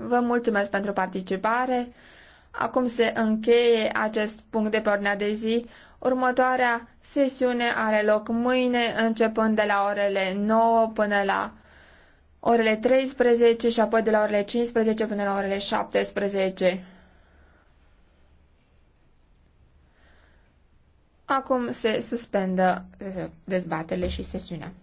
Vă mulțumesc pentru participare. Acum se încheie acest punct de pornea de zi. Următoarea sesiune are loc mâine, începând de la orele 9 până la orele 13 și apoi de la orele 15 până la orele 17. Acum se suspendă eh, dezbatele și sesiunea.